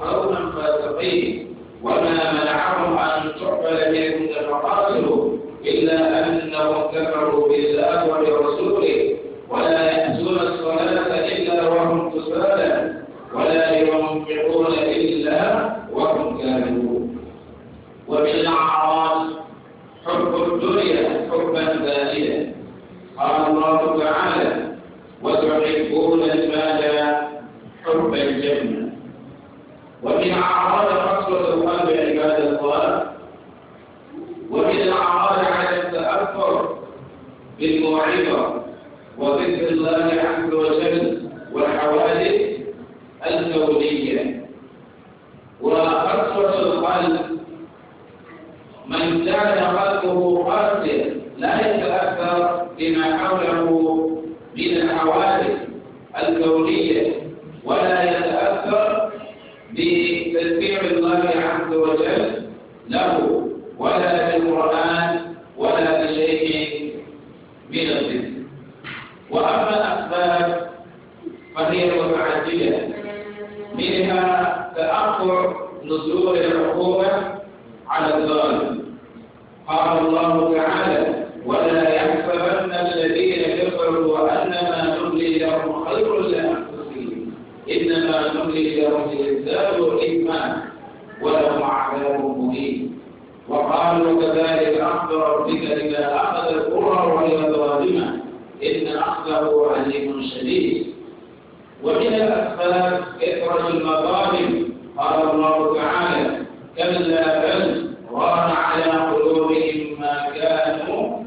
قوما فاسقين وما منعهم أن تقبل منهم نفقاتهم إلا أنهم كفروا بالله الكونية ولا يتأثر بتسبيح الله عز وجل له ولا بالقرآن ولا بشيء من الذكر وأما الأسباب فهي متعددة منها تأخر نزول العقوبة على الظالم قال الله تعالى ولا يحسبن الذين كفروا وأن نملي لهم ليزدادوا إثما ولهم عذاب مهين وقالوا كذلك أخذ ربك إذا أخذ القرى وهي ظالمة إن أخذه عليم شديد ومن الأسباب كثرة المظالم قال الله تعالى كلا بل ران على قلوبهم ما كانوا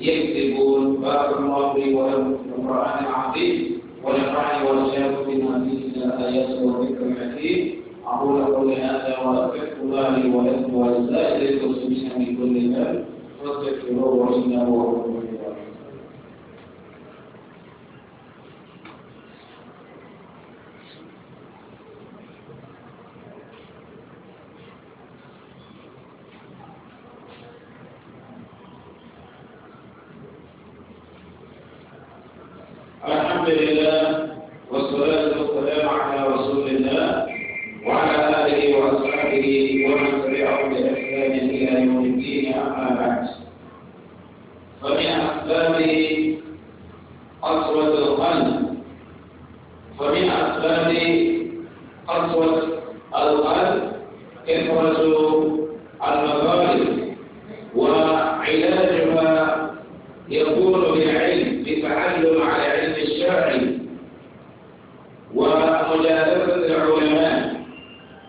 يكذبون باب الله ولهم ولكم القرآن العظيم ونفعني وإياكم بما فيه من الآيات والذكر الحكيم أقول قولي هذا وأستغفر الله ولكم ولسائر المسلمين من كل ذنب الله إنه هو للعلم بالتعلم على علم الشرع ومجالسة العلماء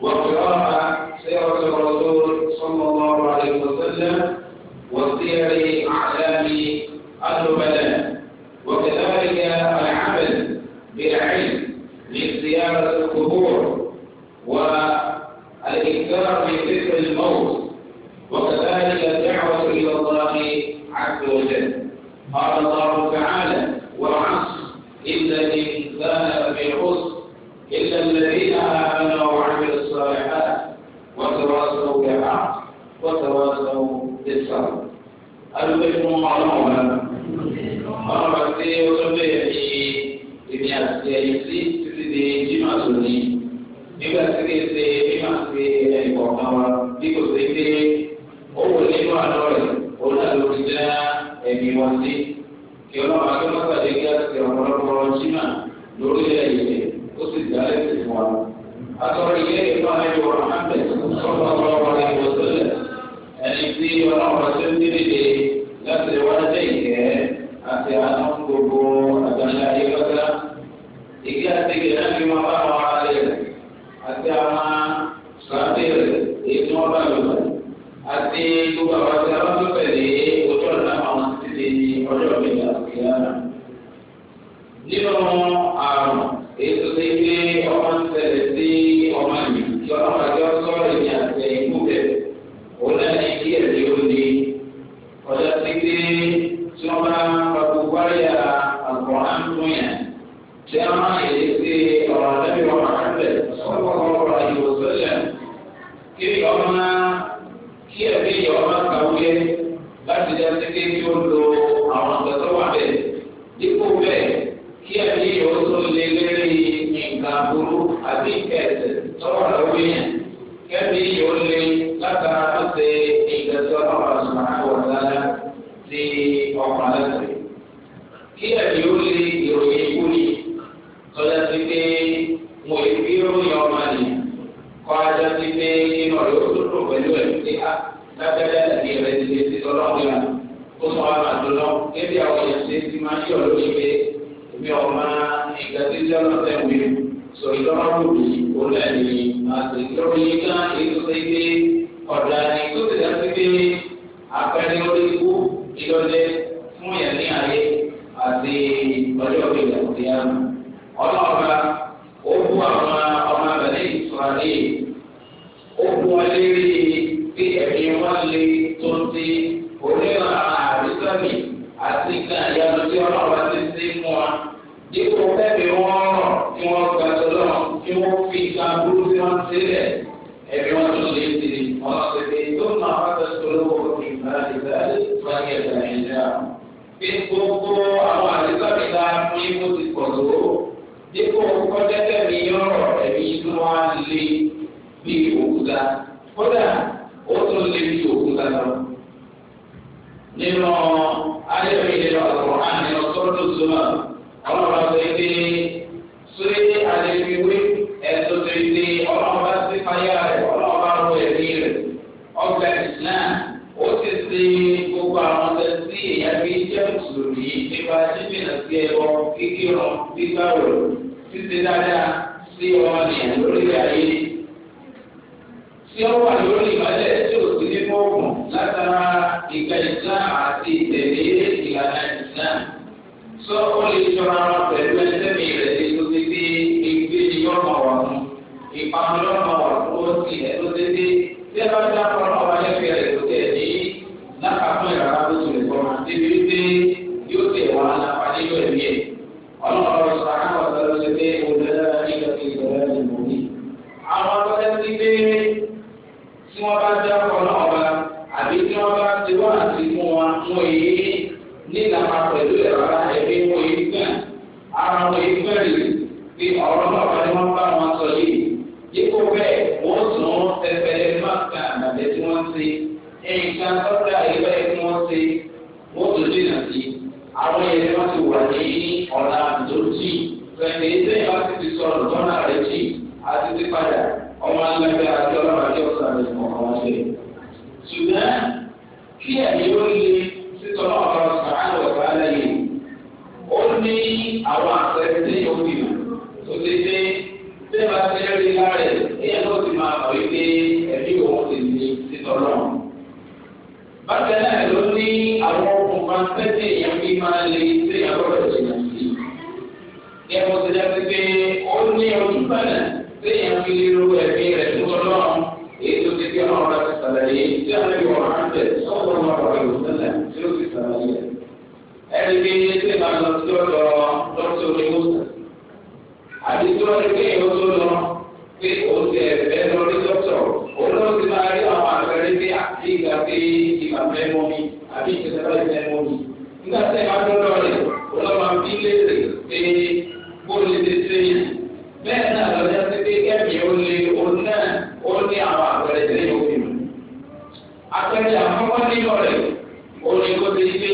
وقراءة سيرة الرسول صلى الله عليه وسلم وسير أعلام النبلاء وكذلك العمل بالعلم من القبور والإكثار بذكر الموت وكذلك الدعوة إلى الله عز وجل قال الله تعالى والعصر إن الإنسان في خسر إلا الذين آمنوا وعملوا الصالحات وتواصوا بالحق وتواصوا بالصبر ألبسوا معلومة ọlọ́pàá tí ó tó bẹ̀rẹ̀ ní èmi àti ẹ̀yìn sí títí di jimá lónìí nígbà tí kì í ṣe jimá sí ẹ̀yìn kọ̀ọ̀kan wa bí kò sí pé ó wò nínú àlọ́ rẹ̀ ó náà ló ti dá. ẹ̀mí wọn sí kí ọlọ́run akẹ́kọ̀ọ́ kí á ti ọ̀pọ̀lọpọ̀ jìnnà lórí ẹ̀yẹ ó sì dá ẹ̀sìn fún wa. àtọ́rọ ilé ìfọ̀ àjọ ọ̀hánbẹ̀ sọ́kọ̀ ọlọ́run ẹ̀yẹ sọ́lẹ̀ ẹni tí ọlọ́run ọ̀sẹ̀ ń dídìde láti wá jẹ́ ìkẹ́ àti àánú gbogbo àgbáńlá ayé pátá. ìkẹ́ àti ìkẹ́ náà fi máa bá àwọn ará rẹ̀ àti àwọn sàbẹ̀rẹ̀ èyí tí wọ́n bá lò àti ti ọjọ́ ìgbà ìyára. nínú àrùn èyí tó ti gbé ọmọ ń tẹ̀lé sí ọmọ yìí kí àti ọ̀sọ́ láti dá sékè kí ó lo àwọn nǹkan tó wà bẹ́ẹ̀ dípò bẹ́ẹ̀ kí ẹ̀mí yóò tó lé lórí nǹkan burú àbí ẹ̀sẹ̀ tó wà lórí yẹn kẹ́mi yóò lé látara tó ṣe nǹkan tó wà lọ́wọ́ àwọn ọ̀dà ti ọkọ̀ lẹ́sẹ̀. kí ẹ̀mí yóò lé ìròyìn ikú ni tọ́jà sí pé mo lè fi ọmọ nìyẹn kọ́ ajá sí pé kí n ọ̀rẹ́ ó pẹ̀lú ẹ̀ ah, tọ́lọ́mù yà kó sọ wà máa dùn náà kébí àwọn èèyàn ṣe ti máa ń yọ̀ lórí pé èmi ọ̀ma ìgbà tí ìjọ náà fẹ́ wí sọ ìdánwò mi kò lẹ́yìn àti lórí gán ètò pé pé ọ̀dà ni tó ti dá sí pé àpẹẹrẹ orí ikú ìdọ́lẹ̀ fún yẹn ní ayé àti ọjọ́ ìgbà tí a mọ̀ ọlọ́ọ̀ba ó bú àwọn ọmọ abẹ́lé ìtura ní ó bú wọn lérí bí ẹ̀mí wọn lè tó ń ti. ìmọ̀lẹ̀ tí ò sí ní fóònù látara ìgbà ìsìlámù àti ìtẹ̀lé ìlànà ìsìlámù. sọ ó lè jọra wọn pẹ̀lú ẹsẹ̀mí rẹ̀ ní tó ti di ìgbé ni ìpamọ́ yọ̀ọ̀mọ̀ wà ó ti ẹ̀ tó ti di tí ẹ bá dákọ̀ òun náà ó ní àwọn àpẹẹrẹ tẹ̀lé òfin mi. àpẹẹrẹ àkọ́kọ́ nínú rẹ̀ ó ní kó ti gbé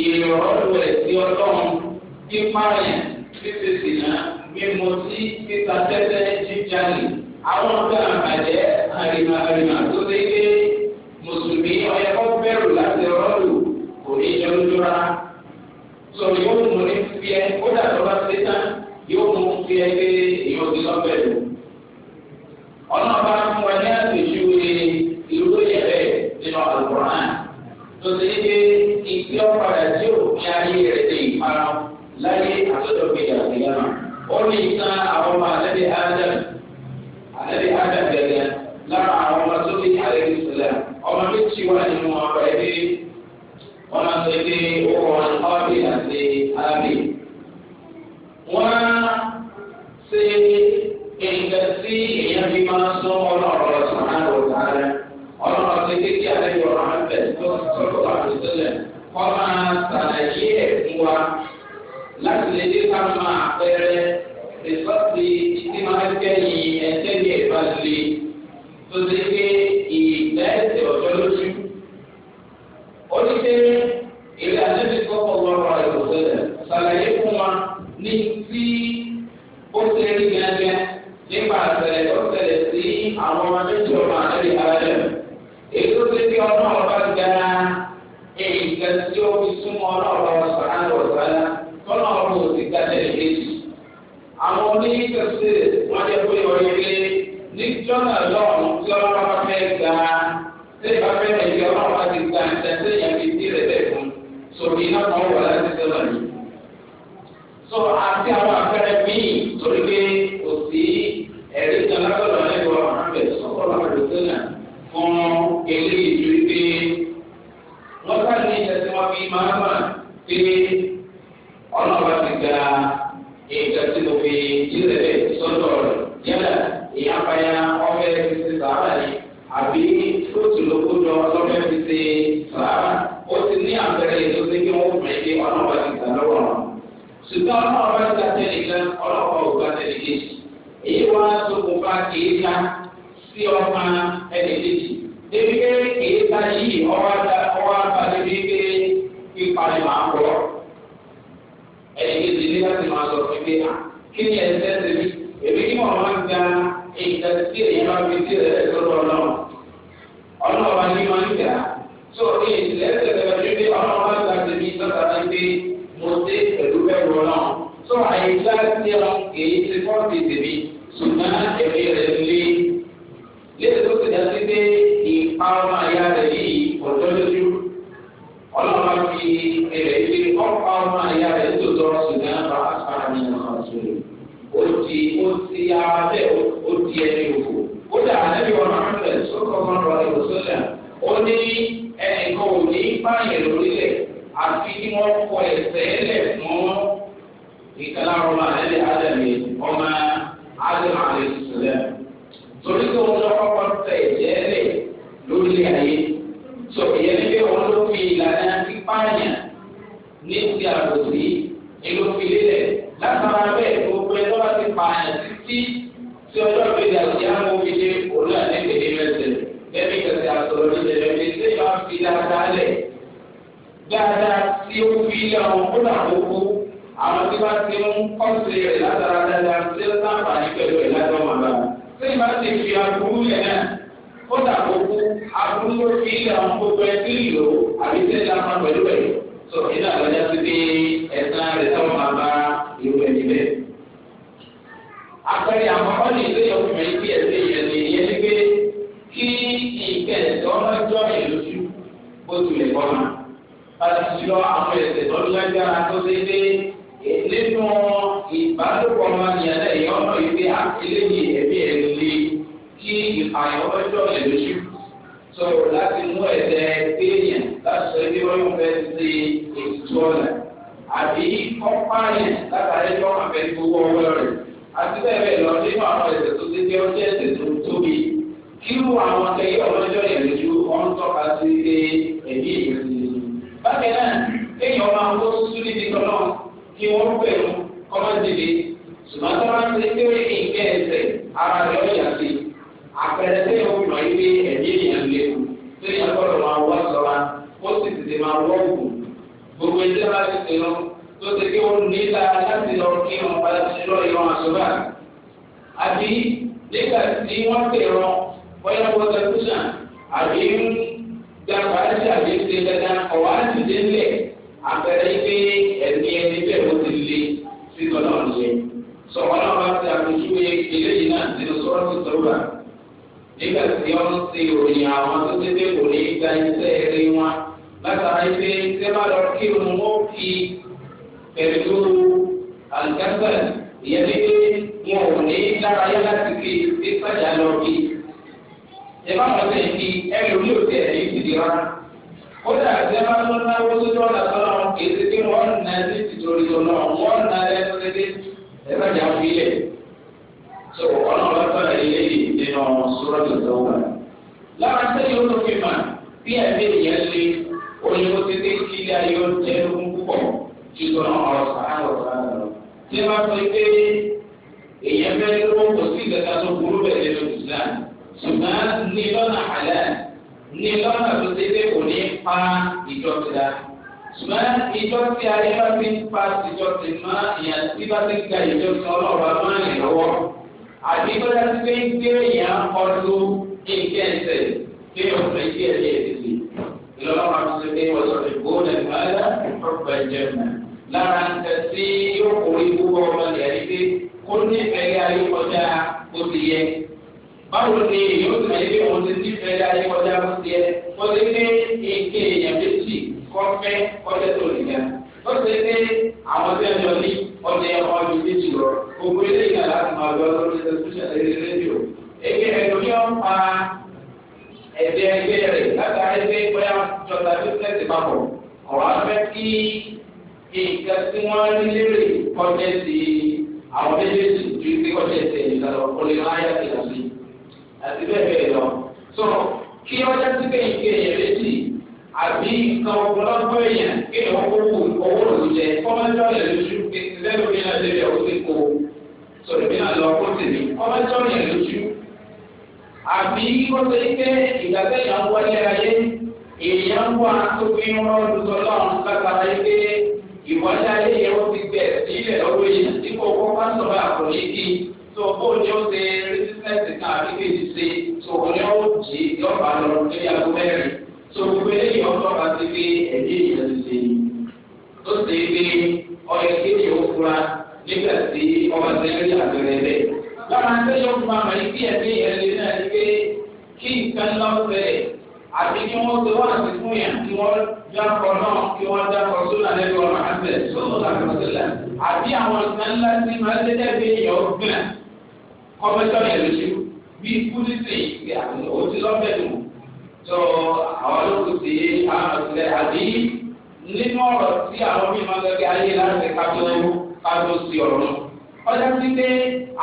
ìrọ̀rùn rẹ̀ sí ọlọ́run pípààyàn títí sìnà mímu sí títa tẹ́tẹ́ jíjalè àwọn ọ̀gá àbàjẹ́ àrìmà àrìmà tó ti gbé mùsùlùmí ọ̀yẹ́kọ́ bẹ̀rù láti rọ́ọ̀lù kò ní jẹ́ lójúra sọ̀rọ̀ yóò mú ní fúyẹ́ kódà tó bá ṣe tán yóò mú fúyẹ́ pé èèyàn ti lọ́bẹ̀ẹ́ lò ọlọ́run bá fún wa ní àgbèjú ìlú yẹ̀rẹ̀ nínú àlùkòrán tó ti dé ìgbé ọ̀padà tí ò ní ayé rẹ̀ dé ìparun láyé àtọ́jọ́ gbèdà ìyára ó ní ìtàn àwọn ọmọ àlẹ́bí adam àlẹ́bí adam gẹ̀gẹ́ lára àwọn ọmọ tó ní àlẹ́bí sílẹ̀ ọmọ méjì wà nínú ọ̀rọ̀ ẹbí wọ́n máa sọ pé ó kọ́ ọ́bì àti ábì. wọ́n ṣe nǹkan tí èèyàn fi máa ń sún ọlọ́run lọ sùn náà lò sáré ọlọ́run ti kékeré àlejò ọ̀rọ̀ àbẹ̀ tó sọ̀rọ̀ àti sílẹ̀ kọ́ máa ṣàlàyé ẹ̀ fún wa láti lè dé ká máa àpẹẹrẹ rìsọ́ọ̀tì títí máa ń kẹ́yìn ẹ̀ńtẹ́lẹ̀ ìbálẹ̀ tó ṣe pé ìgbà ọ̀jọ́ lóṣù Ja. tó àyíká níra èyí ti fọ́ ti tèmi ṣùgbọ́n ẹ̀mí rẹ̀ lé lẹ́yìn tó ti dàbí pé ìparun àyà rẹ̀ yìí ọ̀dọ́ lójú ọlọ́run fi ẹ̀rẹ̀ ilé ọ̀pá ọmọ àyà rẹ̀ tó tọ́ ṣùgbọ́n bá a fà ní ọ̀hún ṣòro ó ti o ti ara bẹ́ẹ̀ ó ti ẹni òfò ó dà ànábì wọn máa ń bẹ̀ sókọ̀ wọn rọ ìwòsàn ó ní ẹnìkan ò ní báyìí lórílẹ̀ àfi kí wọ́n kọ ẹ̀sẹ̀ ìkàlà ọmọ ẹlẹ adàmì ọmọ adàmì àlẹsùlẹ torí pé wọn lọ kọ́kọ́ tẹ ẹ̀jẹ̀ ẹlẹ lórí ayé tó ìyẹn ní pé wọn ló fi ìlànà pípààyàn ní ti àbòsí ìlú filẹ̀ látara bẹ́ẹ̀ gbogbo ẹ lọ́wọ́ ti pààyàn títí tí ọjọ́ ìgbésẹ̀ àti àwọn òfìdí òun náà ní tèmi mẹsẹ̀ lẹ́mí kẹsẹ̀ àtọ̀rọ̀ ní tẹ̀lé mi tí yóò fi dáadáa lẹ̀ dáadáa àwọn tí bá ti mú kọ́sì rẹ̀ látara dáadáa tí ó sábàáyí pẹ̀lú ẹ̀ lájọ́ màdá. tí ìbá ti fi aburú yẹn náà ó dàbò kú aburú ló fi ilẹ̀ àwọn gbogbo ẹ tí ìlò àbí tí ẹ̀dá máa pẹ̀lú ẹ̀ sọ ìdá àgbàjá ti di ẹ̀sán rẹ̀ táwọn máa bá ìlú ẹ̀ níbẹ̀. àpẹẹrẹ àwọn ọ̀nà ìlú yẹn fún mi bí ẹ̀sìn yẹn ni ìyẹn gbé kí ìkẹ̀ẹ̀sọ́ nínú ìbálòpọ̀ ọmọnìyàn náà èèyàn ọ̀nà ìgbé àtìlẹ́yìn ẹ̀mí ẹ̀ lè kí ìpààyàn ọjọ́ ẹ̀ lóṣù sọ̀rọ̀ láti mú ẹ̀dẹ̀ péyàn láti sọ ebi wọ́n yóò fẹ́ ṣe ètùtù ọ̀la àbí kọ́páyàn látàrí ẹjọ́ wọn fẹ́ gbowó ọwọ́ rẹ̀ àti bẹ́ẹ̀ bẹ́ẹ̀ lọ nínú àwọn ẹ̀sẹ̀ tó ti dé ọjọ́ ẹ̀sẹ̀ tó tóbi kírú àwọn akẹ́yẹ ọlọ́jọ́ yẹn lójú ọ̀n tọ́ka sí ilé ẹ̀mí ìrìn bákẹ́ náà bá tó náwó sójú ọ̀nà tọ́lá wọn kì í ṣe pé wọ́n nà ní ìtòrí ọ̀nà wọ́n nà lẹ́nu lédè ẹ̀fẹ̀jà fi lẹ̀. tó ọ̀nà ọ̀lọ́tọ̀ ilé yìí nínú sọ́rọ́ tó tó wà. lára sẹ́yìn ó tó fi mà bí ẹ̀mí ìyẹn lé oyinbo ti dé kí ilé ayé ó jẹ́ lógún púpọ̀ ju tọ́nà ọ̀rọ̀ sàárọ̀ sàárọ̀ lọ. tí wọ́n fi pé ní lọ́nà tó ṣe pé kò ní pa ìjọsìn dá ṣùgbọ́n ìjọsìn ayé bá ti ń pa ìjọsìn mọ́ ìyàn tí bá ti gba ìjọsìn ọlọ́run amáyìn lọ́wọ́ àti bá ti pé ń gbé ìyàn ọdún ìkẹ́ǹsẹ̀ pé ọ̀sẹ̀ kí ẹ̀ lè tètè ìlọ́lọ́run tó ṣe pé ọ̀sọ̀ ìgbóhùn ẹ̀ máa dá ọ̀pọ̀ lára ń tẹ̀sí yóò kórè gbogbo ọmọ ìyàrí pé kó ní ìfẹ́ báwo ni yóò ti máa yẹ wọn ti ti fẹ́ ayé kọjá ló ti yẹ wọ́n ti ní ike èèyàn méjì kọ́fẹ́ kọjá tó nìyà wọ́n ti ní àwọn tí wọ́n jọ ní ọdẹ ọdún méjì lọ gbogbo ilé ìgbà láti máa lọ lórí tẹlifíṣàn lórí rédíò èyí ẹ̀dùnmí ọ̀pá ẹ̀dẹ̀ ẹgbẹ́ rẹ̀ láti ẹgbẹ́ bóyá jọta bísíǹsì papọ̀ ọ̀rọ̀ afẹ́ kí nǹkan tí wọ́n rí lérè kọjá sí àwọn méjèèjì ju ti kọjá sí ẹ̀yìn lọ olè láyà ti dàbí àti bẹ́ẹ̀ bẹ́ẹ̀ lọ. sọ kí ọjà tí kéyìn kéyìn létí àbí nǹkan ọ̀pọ̀lọpọ̀ èèyàn kéyìn owó owó òjijẹ kọ́mọ́jọ́ yẹn lójú lẹ́nu mi náà lè rẹ̀ ó ti kó sọ̀rọ̀ mi náà lọ kó tèmi kọ́mọ́jọ́ yẹn lójú. àbí kọ́sọ yìí pé ìgbàgbẹ́ yẹn wọlé ayé èèyàn wà tó fi ń rọ́ọ̀dù tọ́lọ́run lágbára yìí pé ìwọlé ayé yẹn ó ti gbẹ̀ sílẹ̀ lọ́wọ́ yẹn tí kò kọ́ tó bó ni ó ṣe rẹ́sítẹ́ǹsì náà àríkèjì ṣe tó ni ó jì yọ̀ọ̀bà lọ lórí aago mẹ́rin tó gbogbo eléyìí ọlọ́ba ti fi ẹ̀dí ìyẹn ti ṣe tó ṣe é pé ọyẹ kéde ó fura nígbà tí ọba ṣe lórí àgbẹ̀rẹ̀ rẹ̀ lọ́nà àtẹ́yọ̀ fún àmọ́ ibi ẹ̀dí ìyẹn lè náà ni pé kí nǹkan lọ́sẹ̀rẹ̀ àti kí wọ́n ṣe wọ́n àti fún yàn kí wọ́n dákọ̀ náà kí wọ́n dákọ̀ sólà lẹ́nu ọ̀rọ̀ àbẹ̀ sọ́dọ̀ àgbẹ̀sẹ̀lẹ̀ àbí àwọn nǹkan ńlá tí máa ń lé kọ́mẹ́tọ́ yẹn ló ṣe bí ikú títì ìgbé àwọn òtí lọ́bẹ̀ nù tó àwọn olókùn ti àwọn ọ̀sẹ̀ àbí nínú ọ̀rọ̀ tí àwọn mímọ́ gẹ́gẹ́ ayé láti kájọ kájọ sí ọ̀rọ̀ náà ọjà ti dé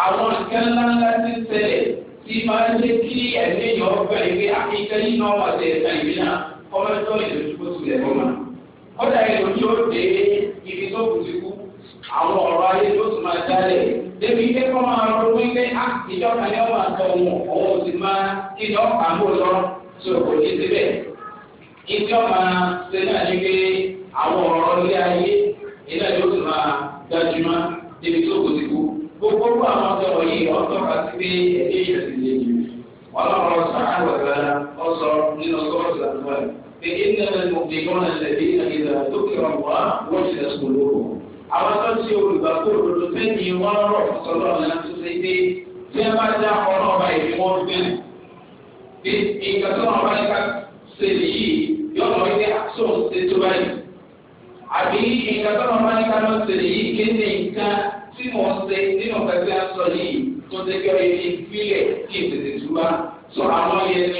àwọn nǹkan ńláńlá ti ṣẹlẹ̀ tí máa ń lé kí ẹ̀mí yọ̀ ọ̀fẹ́ ìwé akíkẹ́ yìí náà wà lẹ̀ ẹ̀ka ìwé náà kọ́mẹ́tọ́ yẹn ló ṣe kó tilẹ̀ bọ́ mọ́ ọjà yẹn ló ní ó ibi tó kù ti kú àwọn ọ̀rọ̀ ayé ló tún máa débi ike kọ́ máa rọ wípé á ah, ìjọ kan ní ọmọ àtọ òun òun ò sì máa kíjọ kàmbó lọ sí òkò ní síbẹ̀. ìjọ máa ṣe náà ní pé àwọn ọ̀rọ̀ ilé ayé iná yóò sì máa gbajúmọ̀ débi tó kò sí kú. gbogbo àwọn ọ̀sọ̀rọ̀ yìí ọ̀sọ̀ kà sí pé ẹ̀dẹ́ yẹn sì lè yìí. ọlọ́run ọ̀sán àgbàgbà ọ̀sọ̀ nínú sọ́ọ̀sì àgbà pé ẹ̀dẹ́ náà mọ̀ àwọn tó ń ṣe olùgbàgbọ́ òdodo sẹ́ni wọ́n rọ̀ sọ́lọ́ ọ̀nà tó ṣe pé tí wọ́n bá dá ọ̀rọ̀ ọba ìlú wọn gbẹ̀rẹ̀. bí nǹkan tó wọn bá ní ká ṣe nìyí yóò lọ wípé àtúntò ṣe tó báyìí. àbí nǹkan tó wọn bá ní ká lọ ṣe nìyí kéde nǹkan tí mo ṣe nínú nǹkan tí a sọ yìí tó ṣe kí ọ yẹ kí fílẹ̀ kí ìṣèṣe sọ àwọn yẹn ni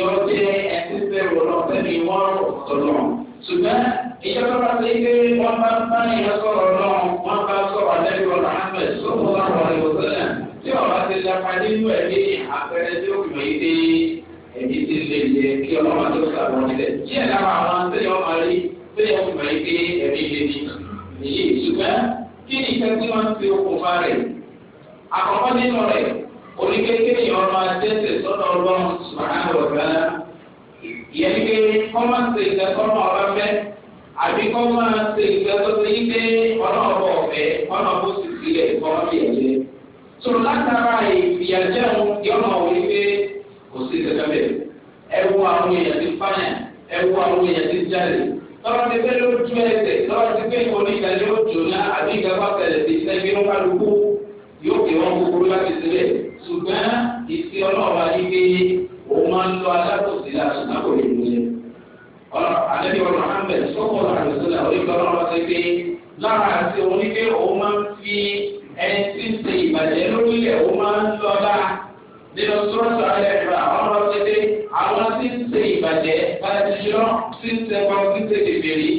ó ìjọ tó bá ti gbé wọn bá bá yẹn sọ̀rọ̀ náà wọn bá sọ̀rọ̀ àdébí ọ̀rọ̀ ahmed sọ́kùn bá wà ní òṣèlè tí wọn bá ti dapa nínú ẹ̀mí àpẹẹrẹ tí ó gbìmọ̀ yìí dé ẹ̀mí ti lè jẹ kí ọlọ́run tó sàbọ̀ nílẹ̀ díẹ̀ lára àwọn tẹ́lẹ̀ wọn máa rí tẹ́lẹ̀ wọn gbìmọ̀ yìí dé ẹ̀mí lè ní èyí ṣùgbọ́n kí ni ìfẹ́ tí wọ́n ti okùnfà rẹ̀ àkọ́kọ́ nínú rẹ̀ oníkékeré yọ̀ọ́ máa tẹ́sẹ̀ sọ́dọ̀ ọlọ́run sùn àbí kọ́ máa ṣe ìfẹ́ tó ṣe yí pé ọ̀nà ọ̀bọ̀ ọ̀fẹ́ ọ̀nà ọ̀bọ̀ sì sílẹ̀ ọ̀nà bí ẹ̀jẹ̀. tó látara ìfìyàjẹ́ òun kí ọ̀nà òun pé kò sí ìṣẹ̀lẹ̀ bẹ̀. ẹ wo àwọn èèyàn ti fáyà ẹ wo àwọn èèyàn ti jáde. tọ́lá ti fẹ́ ló ju ẹsẹ̀ tọ́lá ti fẹ́ ìkọ́ni ìdájọ́ òjò náà àbí ìgbàgbọ́ tẹ̀lẹ̀ ti ṣẹ́ bí wọ́n bá lu kú yóò kí wọ́n kúkúrú láti sílẹ̀ ṣùgbọ́n ìfi ọlọ́ọ̀rọ̀ ayé pé òun máa ń lọ alákòóso àlejò Muhammed sọ́kọ̀ àdùsílẹ̀ onígbàlọ́ wọn ti pé lára àti onígbé òun máa ń fi ẹni tí ń ṣe ìbàjẹ́ lórílẹ̀ òun máa ń lọ bá nínú sọ́ọ̀tù alẹ́ rẹ̀ àwọn ọ̀rọ̀ ti pé àwọn tí ń ṣe ìbàjẹ́ pàṣẹ tí ń ṣe pàṣẹ tí ń ṣe bèbèrè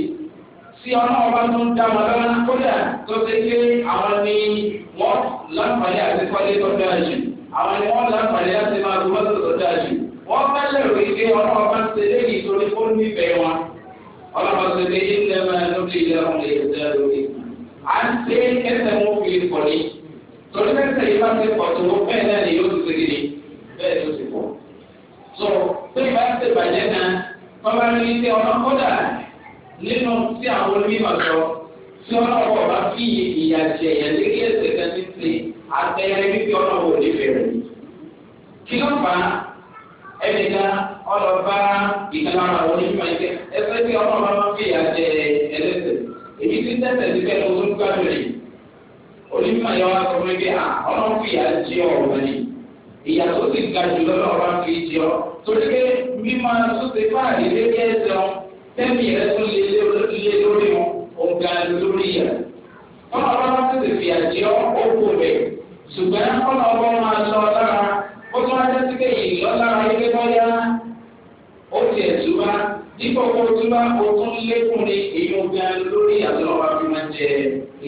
tí ọlọ́wọ́ bá tún dá wọn lọ́wọ́ kódà tó ṣe pé àwọn ni wọ́n láǹfààní àti kọ́lé tó dáa jù àwọn ni wọ́n láǹfààní láti máa gbọ́ tó dáa jù wọ́n bá lérò ike ọlọ́wọ́ bá ń ṣe léyìí torí ó nífẹ̀ẹ́ wọn ọlọ́wọ́ ṣe lé ilé máa lórí ilé wọn lè ṣe lórí. à ń ṣe ẹsẹ̀ wọn fi pọ̀ ní torí ẹsẹ̀ yìí bá ti pọ̀ tó bẹ́ẹ̀ náà ni yóò ti ṣe kiri bẹ́ẹ̀ tó ti pọ̀. so pé bá ń ṣe bàjẹ́ náà wọ́n bá ní ilé ọlọ́kọ́dà nínú tí àwọn onímọ̀ sọ tí ọlọ́wọ́ bá fi ìyà jẹ ìyàlẹ́gẹ́ ẹsẹ̀ kan ti ṣe àtẹ̀yẹrẹ fífi ọlọ́wọ́ ò ní fẹ̀rẹ̀ kí ẹnìkan ọlọ́ba ìkàlára wọn ní ìmọ̀ ìkẹ́ ẹsẹ̀ tí ọmọ bá máa ń fìyà jẹ ẹlẹ́sẹ̀ èyí tí tẹ̀sẹ̀ ti bẹ́ẹ̀ lọ́wọ́ nípa rẹ̀ onímọ̀ yẹn wá sọ pé à ọlọ́run fìyà jẹ ọ̀rọ̀ ni ìyà tó ti ga jù lọ́wọ́ ọba fi jẹ ọ torí pé mímọ tó ti fáàrí lórí ẹsẹ̀ wọn tẹ́mi rẹ tó lé lórí wọn ọ̀gá lórí yẹn ọlọ́run bá ti fìyà jẹ ọ ó kò bẹ̀ ṣùgbọ́n ọlọ́run máa lọ lára ó tún wájú sí pé ìlọ́lára ilé bọ́yá ó ti ẹ̀túbá dípò kó túbá ó tún lékún ní èyí gan lórí àtọ́lọ́wà fi máa jẹ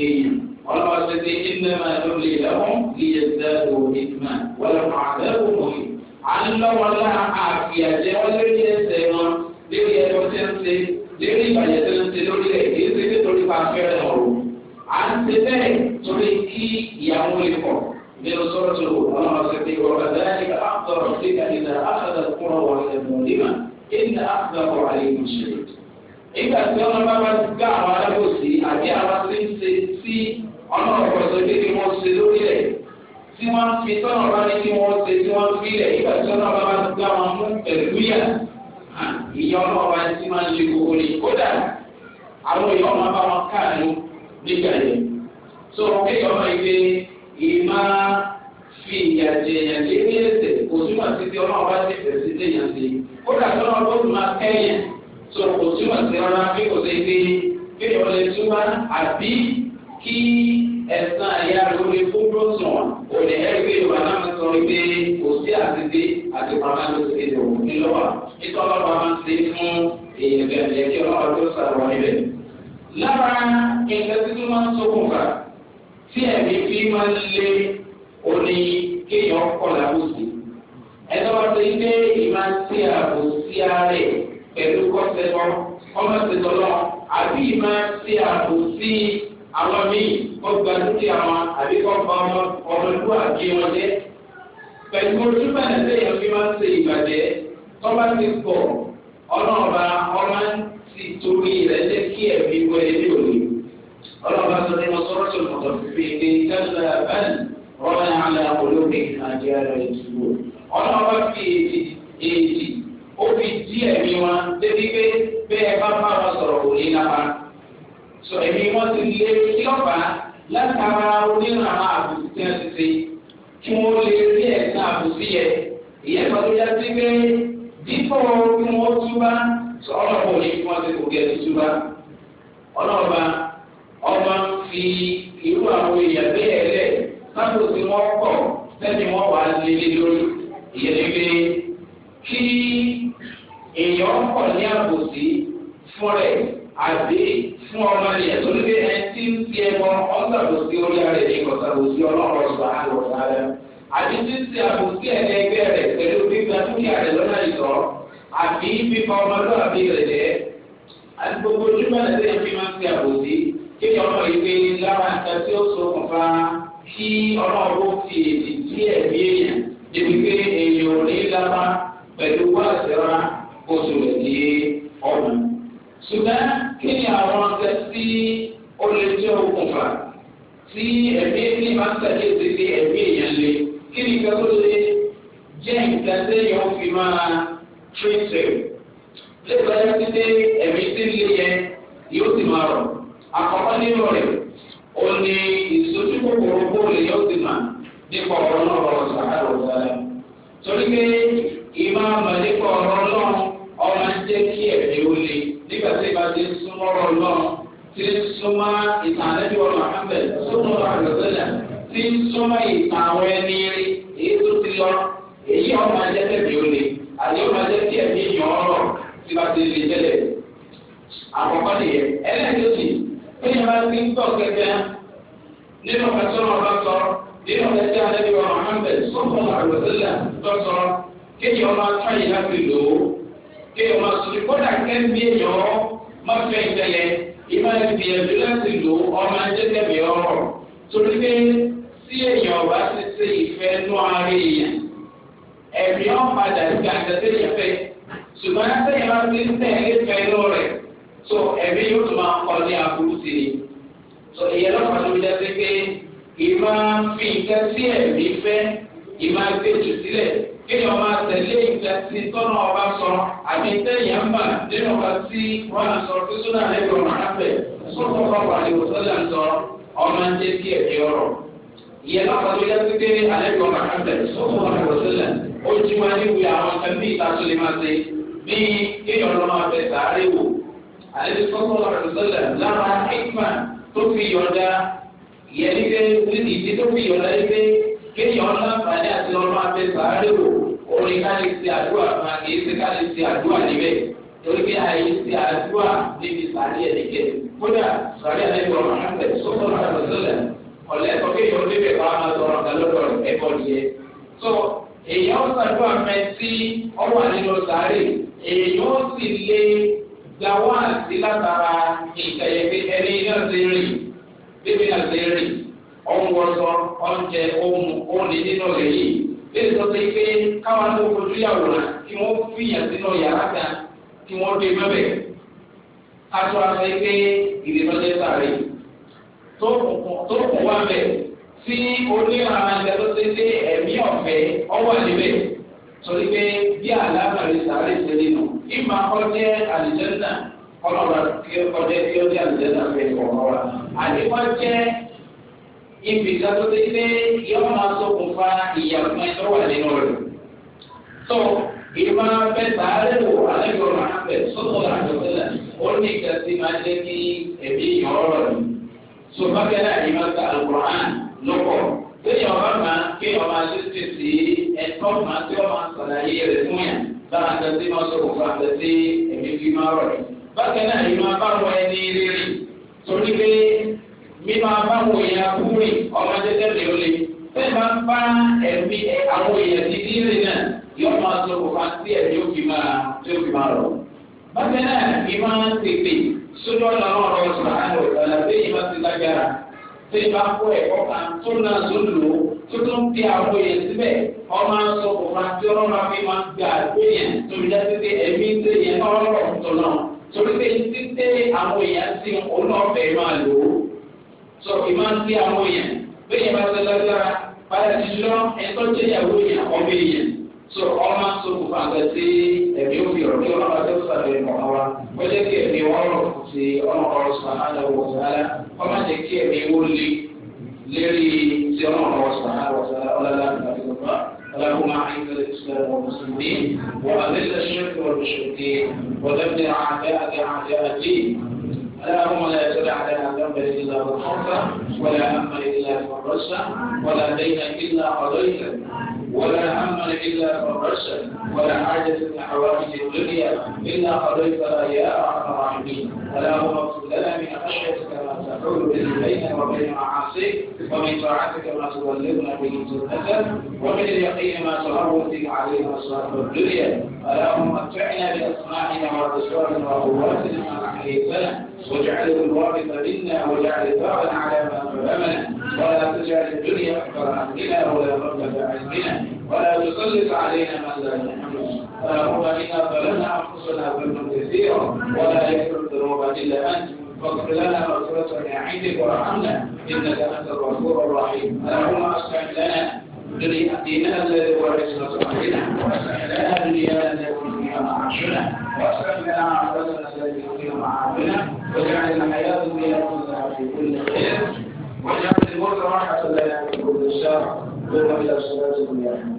èèyàn ọlọ́wà ṣe ti ilé máa ló lè lọ́wọ́ iye sẹ́ẹ̀lù ìtumà wọlé fún àtẹ́wò mọ̀ọ́yì. à ń lọ́wọ́ lára àfìyàjẹ́ ẹsẹ̀ wọn lórí ẹjọ́ tí ń ṣe lórí ìbàjẹ́ tí ń ṣe lórí ẹ̀ kì í ṣe nítorí pa fẹ́rẹ̀ ọ̀rọ̀ à ń ṣe bẹ́ẹ̀ torí kí ìyàwó lè pọ̀ من sọ́ọ̀tù àwọn ọ̀sẹ̀kì ọ̀rọ̀ dáríkà àkọ́rọ̀ síkà ìdá àkàdà kúrọ̀ wà lẹ́mọ̀lẹ́mà ìdá àkàdà kọ̀ àyèkù ṣe. Ìgbà tí wọ́n bá bá gbá àwọn alábòsí àti àwọn tí ń ṣe sí ọ̀nà ọ̀pọ̀sọ̀ bí kí wọ́n ṣe lórí rẹ̀ tí wọ́n fi tọ́nà bá ní kí wọ́n ṣe tí wọ́n fi rẹ̀ ìgbà tí wọ́n bá bá gbá wọn mú pẹ̀lú yà ọ̀nà ọba tí máa ń ṣe gbogbo ní kódà àwọn èèyàn máa bá wọn káàánú nígbà yẹn. Sọ̀rọ̀ kéèyàn máa ń gbé ìmá fi ìyàjẹ ìyàjẹ ní ẹsẹ̀ kò túmọ̀ sí ti ọlọ́run bá ti bẹ̀rẹ̀ sí léyìn sí kódà tí ọlọ́run tó tún máa kẹ́yìn tó kò túmọ̀ sí ọlọ́run bí kò ṣe gbé bí ọlẹ́ túmọ̀ àbí kí ẹ̀sán ẹ̀yà lórí fúnbó sàn òní ẹ̀rí pé yorùbá náà sọ pé kò sí àtìdé àti pàmò ló ti lò ní lọ́wọ́ nítorí ọlọ́run máa ń ṣe fún èèyàn bẹ̀rẹ̀ kí ọlọ́run tó sàrọ̀ níbẹ̀ lára ẹ̀ka tí tó máa ń sókùnfà tí ẹ̀mí fi máa ń lé oní kéèyàn kọ̀lá òsì. ẹ̀dá wa ti lé ìmá sí ààbò sí ààrẹ pẹ̀lú kọ́sẹ̀tọ̀ ọmọọ̀sẹ̀tọ̀ náà àbí ìmá sí ààbò sí àwọn míì kọ́ gba dúkìá wọn àbí kọ́ gba ọmọlúwàbí wọn jẹ́. pẹ̀lú ojúbà ní sẹ́yìn fi máa ń ṣe ìbàjẹ́ tọ́ba ti pọ̀ ọlọ́ọ̀ba ọmọ ti torí rẹ̀ jẹ́ kí ẹ̀mí wọlé ní òní ọlọ́ba tó ní wọn sọ́rọ́ tó mọ̀tọ́ fífi ìdè tẹ́lẹ̀ bẹ́ẹ̀ rọ́ọ̀nà àlẹ́ olóògbé àjẹ́ rẹ̀ ìdìbò ọlọ́ba fi èdè èdè ó fi dí ẹ̀mí wọn débi pé bẹ́ẹ̀ bá bá wọn sọ̀rọ̀ kò ní lápá sọ ẹ̀mí wọn ti lé kílọ̀pá látara onírànà àbùkù tí wọ́n ti ṣe kí wọ́n lè rí ẹ̀sán àbùkù yẹ ìyẹn pàtó yá sí pé dípò kí wọ́n túbá sọ ọlọ́ba ò ní kí ọmọ fi irú àwọn èèyàn bẹ́ẹ̀ lẹ̀ sábò tí wọ́n pọ̀ sẹ́ni wọ́n wà lélẹ̀ lórí ìyẹn ni pé kí èèyàn pọ̀ ní àbòsí fún rẹ̀ àbí fún ọmọ rẹ̀ torí pé ẹni tí ń fi ẹ̀kọ́ ọ̀sàbòsí orí ara rẹ̀ ní ọ̀sàbòsí ọlọ́run ọ̀sán àlọ́ ọ̀sán rẹ̀ àbí títí àbòsí ẹ̀ẹ́dẹ́gbẹ́ rẹ̀ pẹ̀lú gbígbà dúkìá rẹ̀ lọ́nà ìtọ́ àbí fífa ọmọlúwàbí rẹ̀ jẹ́ àti gbogbo ojúmọ̀ lẹ́sẹ̀ fi máa ń fi àbòsí kéèyàn mọ̀ ìwé lára nǹkan tí ó ṣokùnfà kí ọlọ́run fi èdè sí ẹ̀mí èèyàn débi pé èèyàn ò ní lábá pẹ̀lú wáṣẹ́ra oṣù rẹ̀ ní ọ̀nà. ṣùgbọ́n kí ni àwọn nǹkan tí ó lè jẹ́ okùnfà tí ẹ̀mí èèyàn máa ń tẹ̀lé títí ẹ̀mí èèyàn lé kí ni nǹkan tó lè jẹ́ nǹkan téèyàn fi máa tírèsè lẹ́gbẹ̀ẹ́ títí ẹ̀mí tí ń lé yẹn yóò sì máa rọ̀ àkọ́kọ́ nínú rẹ̀ ó ní ìsojú kòkòrò bóòlù yóò ti mà nípa ọ̀rọ̀ náà ọ̀rọ̀ sàkàrọ̀ sàlẹ̀. torí pé ìmọ̀ àmọ̀ nípa ọ̀rọ̀ náà ọmọ ń jẹ́ kí ẹ̀mí ó le nígbà tí ìbá ti súnmọ́ ọ̀rọ̀ náà ti súnmọ́ ìtàn àlẹ́bí ọ̀rọ̀ àmọ̀ súnmọ́ ọ̀rọ̀ sẹ́lẹ̀ ti súnmọ́ ìtàn àwọn ẹni rí èyí tó ti lọ èyí ọmọ ajẹ́ tẹ̀mí ó le àti ọmọ ajẹ́ tí ẹ̀mí yàn ọ̀rọ̀ tí bá ti le tẹ́lẹ̀ àkọ́kọ́ nìyẹn ẹlẹ́ẹ̀kejì kéèyàn bá ti ń tọ̀ kẹ̀kẹ́ nínú kàtúnà ọba sọ nínú kẹ̀kẹ́ àdébí wa Muhammad sọ́kùn àlùsílẹ̀ tó sọ kéèyàn máa tọ́ yìí láti lò ó kéèyàn máa sọ kódà kẹ́mi èèyàn má fẹ́ ìtẹ̀lẹ̀ ìmọ̀ ìgbìyànjú láti lò ó ọmọ ajé tẹ̀mí ọrọ̀ torí pé tí èèyàn bá ti ṣe ìfẹ́ nú ara èèyàn ẹ̀mí ọ̀ sí àtẹ̀tẹ̀ yẹn fẹ́ ṣùgbọ́n so ẹ̀mí yóò tún máa kọ́ ní aburú sí i so ìyẹn lọ́pàá ló fi dá sí pé ìmọ̀ fi nǹkan sí ẹ̀mí fẹ́ ìmọ̀ gbèjù sílẹ̀ kéèyàn máa tẹ̀lé ìgbà tí tọ́nà ọba sọ àti tẹ́yìn àmbà nínú ọba tí wọ́n sọ pé sódà lẹ́yìn ọ̀rọ̀ àpẹ sọ́kọ̀ ọ̀pọ̀ àyẹ̀wò sọ́dà ń sọ ọmọ ń jẹ́ kí ẹ̀mí ọ̀rọ̀ ìyẹn lọ́pàá ló yẹ pé àlejò ọ̀rọ̀ àpẹ sọ́kọ̀ àyẹ̀wò sọ́dà ó jí wá níwèé àyè sọ́kọ́ àrùsọ́lẹ̀ lára ìgbà tó fi yọ̀ǹda yẹn ní pé wíìlì tí tó fi yọ̀ǹda yìí pé kéèyàn láǹfààní àti ọlọ́run abẹ sàárè wò orin ká lè ṣe àdúrà máa kì í ṣe ká lè ṣe àdúrà níbẹ̀ torí pé àyè ṣe àdúrà níbi sàárè ẹ̀dẹ̀kẹ̀ kódà sàárè ẹ̀dẹ̀kẹ̀ ọ̀rọ̀ àgbẹ̀ sọ́kọ́ àrùsọ́lẹ̀ ọ̀lẹ́kọ̀ọ́ kéèyàn níbẹ̀ bá máa sọ̀rọ̀ ọ̀gá lọ́dọ̀ ẹ̀kọ́ nìyẹn so èèyàn sàdúrà mẹ́tí ọwọ́ àdínlọ́sàárè sì lé gbàwọ́ àti látara ìkẹyẹ pé ẹni náà ti rìn bébí náà ti rìn ọ̀nwọ́sọ ọ̀njẹ ohun òní nínú rẹ̀ yìí bẹ́ẹ̀ sọ pé pé káwọn tó fojú yàwòrán tí wọ́n fìyàn sínú yàrá kan tí wọ́n dé mẹ́bẹ̀ aṣọ aṣọ pé ìdìbọ́jẹ́ sáré tó kùn wá bẹ̀ tí oníhàmà ìdàgbàsókè ẹ̀mí ọ̀fẹ́ ọ̀wà níbẹ̀ torí pé bí alábàárí sàárè ṣe lè nù ìmọ̀ ọjẹ́ àlìjẹ́nà ọlọ́run àti ọjẹ́ tí ó jẹ́ àlìjẹ́nà fẹ́ ọ̀rọ̀ àdìpọ̀ jẹ́ ibi ìsàtúndé pé yọ́n máa ṣokùnfà ìyàgbọ́n ẹ̀tọ́ wà nínú rẹ̀. tó ìmọ̀ abẹ́ sàárè wò alẹ́ ọ̀rọ̀ abẹ́ sọ́tọ̀ àjọṣẹ́lẹ̀ ó ní ìgbà tí máa jẹ́ kí ẹ̀mí ìyàn ọ̀rọ̀ rẹ̀. sọ lẹ́yìn ọba máa kí ọba títí sí ẹ̀tọ́ máa tí ọba sàlàyé rẹ̀ fún yàn bára ń tẹ̀sí máa sọ̀rọ̀ fún àtẹ̀sí ẹ̀mí fi máa rọ̀ rẹ̀. bákan náà yìí máa bá wọn ẹni rírì torí pé mi máa bá wọn èèyàn kúrì ọmọ jẹjẹ rẹ̀ ó le. bẹ́ẹ̀ máa ń bá ẹ̀mí àwọn èèyàn ti rírì náà yóò máa sọ̀rọ̀ fún àti ẹ̀mí ó fi máa tí ó fi máa rọ̀. bákan náà yìí máa tètè sódò ọ̀nà ọ̀rọ̀ tó bá kó ẹ̀kọ́ kan tó náà tó lò ó tó tó ń fi àwọn èèyàn síbẹ̀ ọmọ sọ kò máa tí ọlọ́run máa fi máa gbà lóyìn torí dájú pé ẹ̀mí tó yẹ ọlọ́rọ̀ tó náà torí pé títẹ àwọn èèyàn sí olóòfẹ́ máa lò ó sọ kì máa ń tí àwọn èèyàn bẹ́ẹ̀ bá tẹ lágbára padà ti lọ ẹ̀tọ́ tó yàwó èèyàn ọmọ èèyàn sọ ọmọ sọ kò fàǹtà sí ẹ̀mí òfin ọ̀rọ̀ kí ti ọlọ́run subhanahu wa ta'ala ọmọ jẹ́ kí ẹ̀mí wó lé lérí ti ọlọ́run subhanahu wa ta'ala ọlọ́lá ìgbàlódé اللهم أعز الإسلام والمسلمين وأذل الشرك والمشركين ودمر أعداءك أعداء الدين اللهم لا تدع لنا ذنبا الا غفرته ولا هما الا فرجته ولا دينا الا قضيته ولا عمل إلا فرجت ولا حاجة من حوائج الدنيا إلا قضيتها يا أرحم الراحمين اللهم اغفر لنا من خشيتك ما تحول به بين وبين معاصيك ومن طاعتك ما تبلغنا به جنتك ومن اليقين ما تهون به علينا أصحاب الدنيا اللهم متعنا بأسماعنا وأبصارنا وقواتنا ما أحييتنا واجعله الوارث منا واجعل ثارنا على ما ظلمنا ولا تجعل الدنيا أكبر همنا ولا مبلغ علمنا ولا تسلط علينا من لا يرحمنا اللهم إنا ظلمنا أنفسنا ظلما كثيرا ولا يغفر الذنوب إلا أنت فاغفر لنا مغفرة من عندك وارحمنا إنك أنت الغفور الرحيم اللهم أصلح لنا ديننا الذي هو عصمة أمرنا وأصلح لنا دنيانا التي فيها معاشنا وأصلح لنا عبادنا التي فيها معادنا واجعل الحياة دنيا كلها في كل خير ونعمل المرة راحة لنا من الشارع الشر ثم إلى صلاة الله